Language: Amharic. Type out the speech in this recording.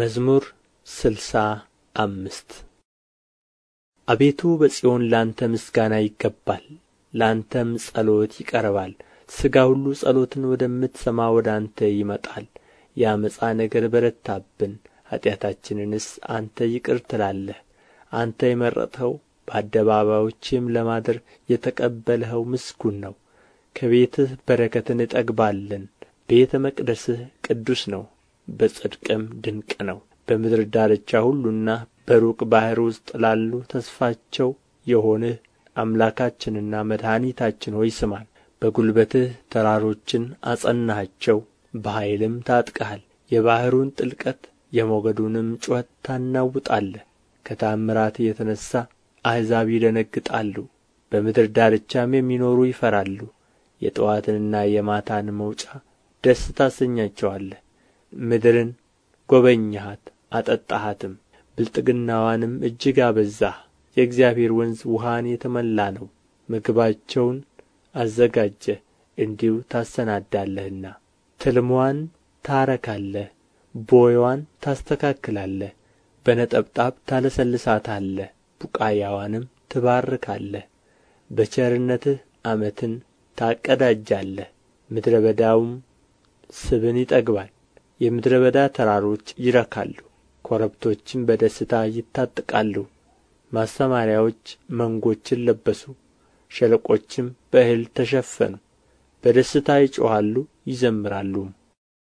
መዝሙር ስልሳ አምስት አቤቱ በጽዮን ላንተ ምስጋና ይገባል፣ ላንተም ጸሎት ይቀርባል። ሥጋ ሁሉ ጸሎትን ወደምትሰማ ወደ አንተ ይመጣል። የአመፃ ነገር በረታብን፣ ኀጢአታችንንስ አንተ ይቅር ትላለህ። አንተ የመረጥኸው በአደባባዮችም ለማደር የተቀበልኸው ምስጉን ነው። ከቤትህ በረከትን እጠግባለን፣ ቤተ መቅደስህ ቅዱስ ነው። በጽድቅም ድንቅ ነው በምድር ዳርቻ ሁሉና በሩቅ ባሕር ውስጥ ላሉ ተስፋቸው የሆንህ አምላካችንና መድኃኒታችን ሆይ ስማን በጉልበትህ ተራሮችን አጸናሃቸው በኃይልም ታጥቀሃል የባሕሩን ጥልቀት የሞገዱንም ጩኸት ታናውጣለህ ከታምራት የተነሣ አሕዛብ ይደነግጣሉ በምድር ዳርቻም የሚኖሩ ይፈራሉ የጠዋትንና የማታን መውጫ ደስ ታሰኛቸዋለህ ምድርን ጐበኘሃት አጠጣሃትም ብልጥግናዋንም እጅግ አበዛህ የእግዚአብሔር ወንዝ ውሃን የተመላ ነው ምግባቸውን አዘጋጀ እንዲሁ ታሰናዳለህና ትልምዋን ታረካለህ ቦይዋን ታስተካክላለህ በነጠብጣብ ታለሰልሳታለህ ቡቃያዋንም ትባርካለህ በቸርነትህ ዓመትን ታቀዳጃለህ ምድረ በዳውም ስብን ይጠግባል የምድረ በዳ ተራሮች ይረካሉ፣ ኮረብቶችም በደስታ ይታጠቃሉ። ማሰማሪያዎች መንጎችን ለበሱ፣ ሸለቆችም በእህል ተሸፈኑ። በደስታ ይጮኻሉ ይዘምራሉም።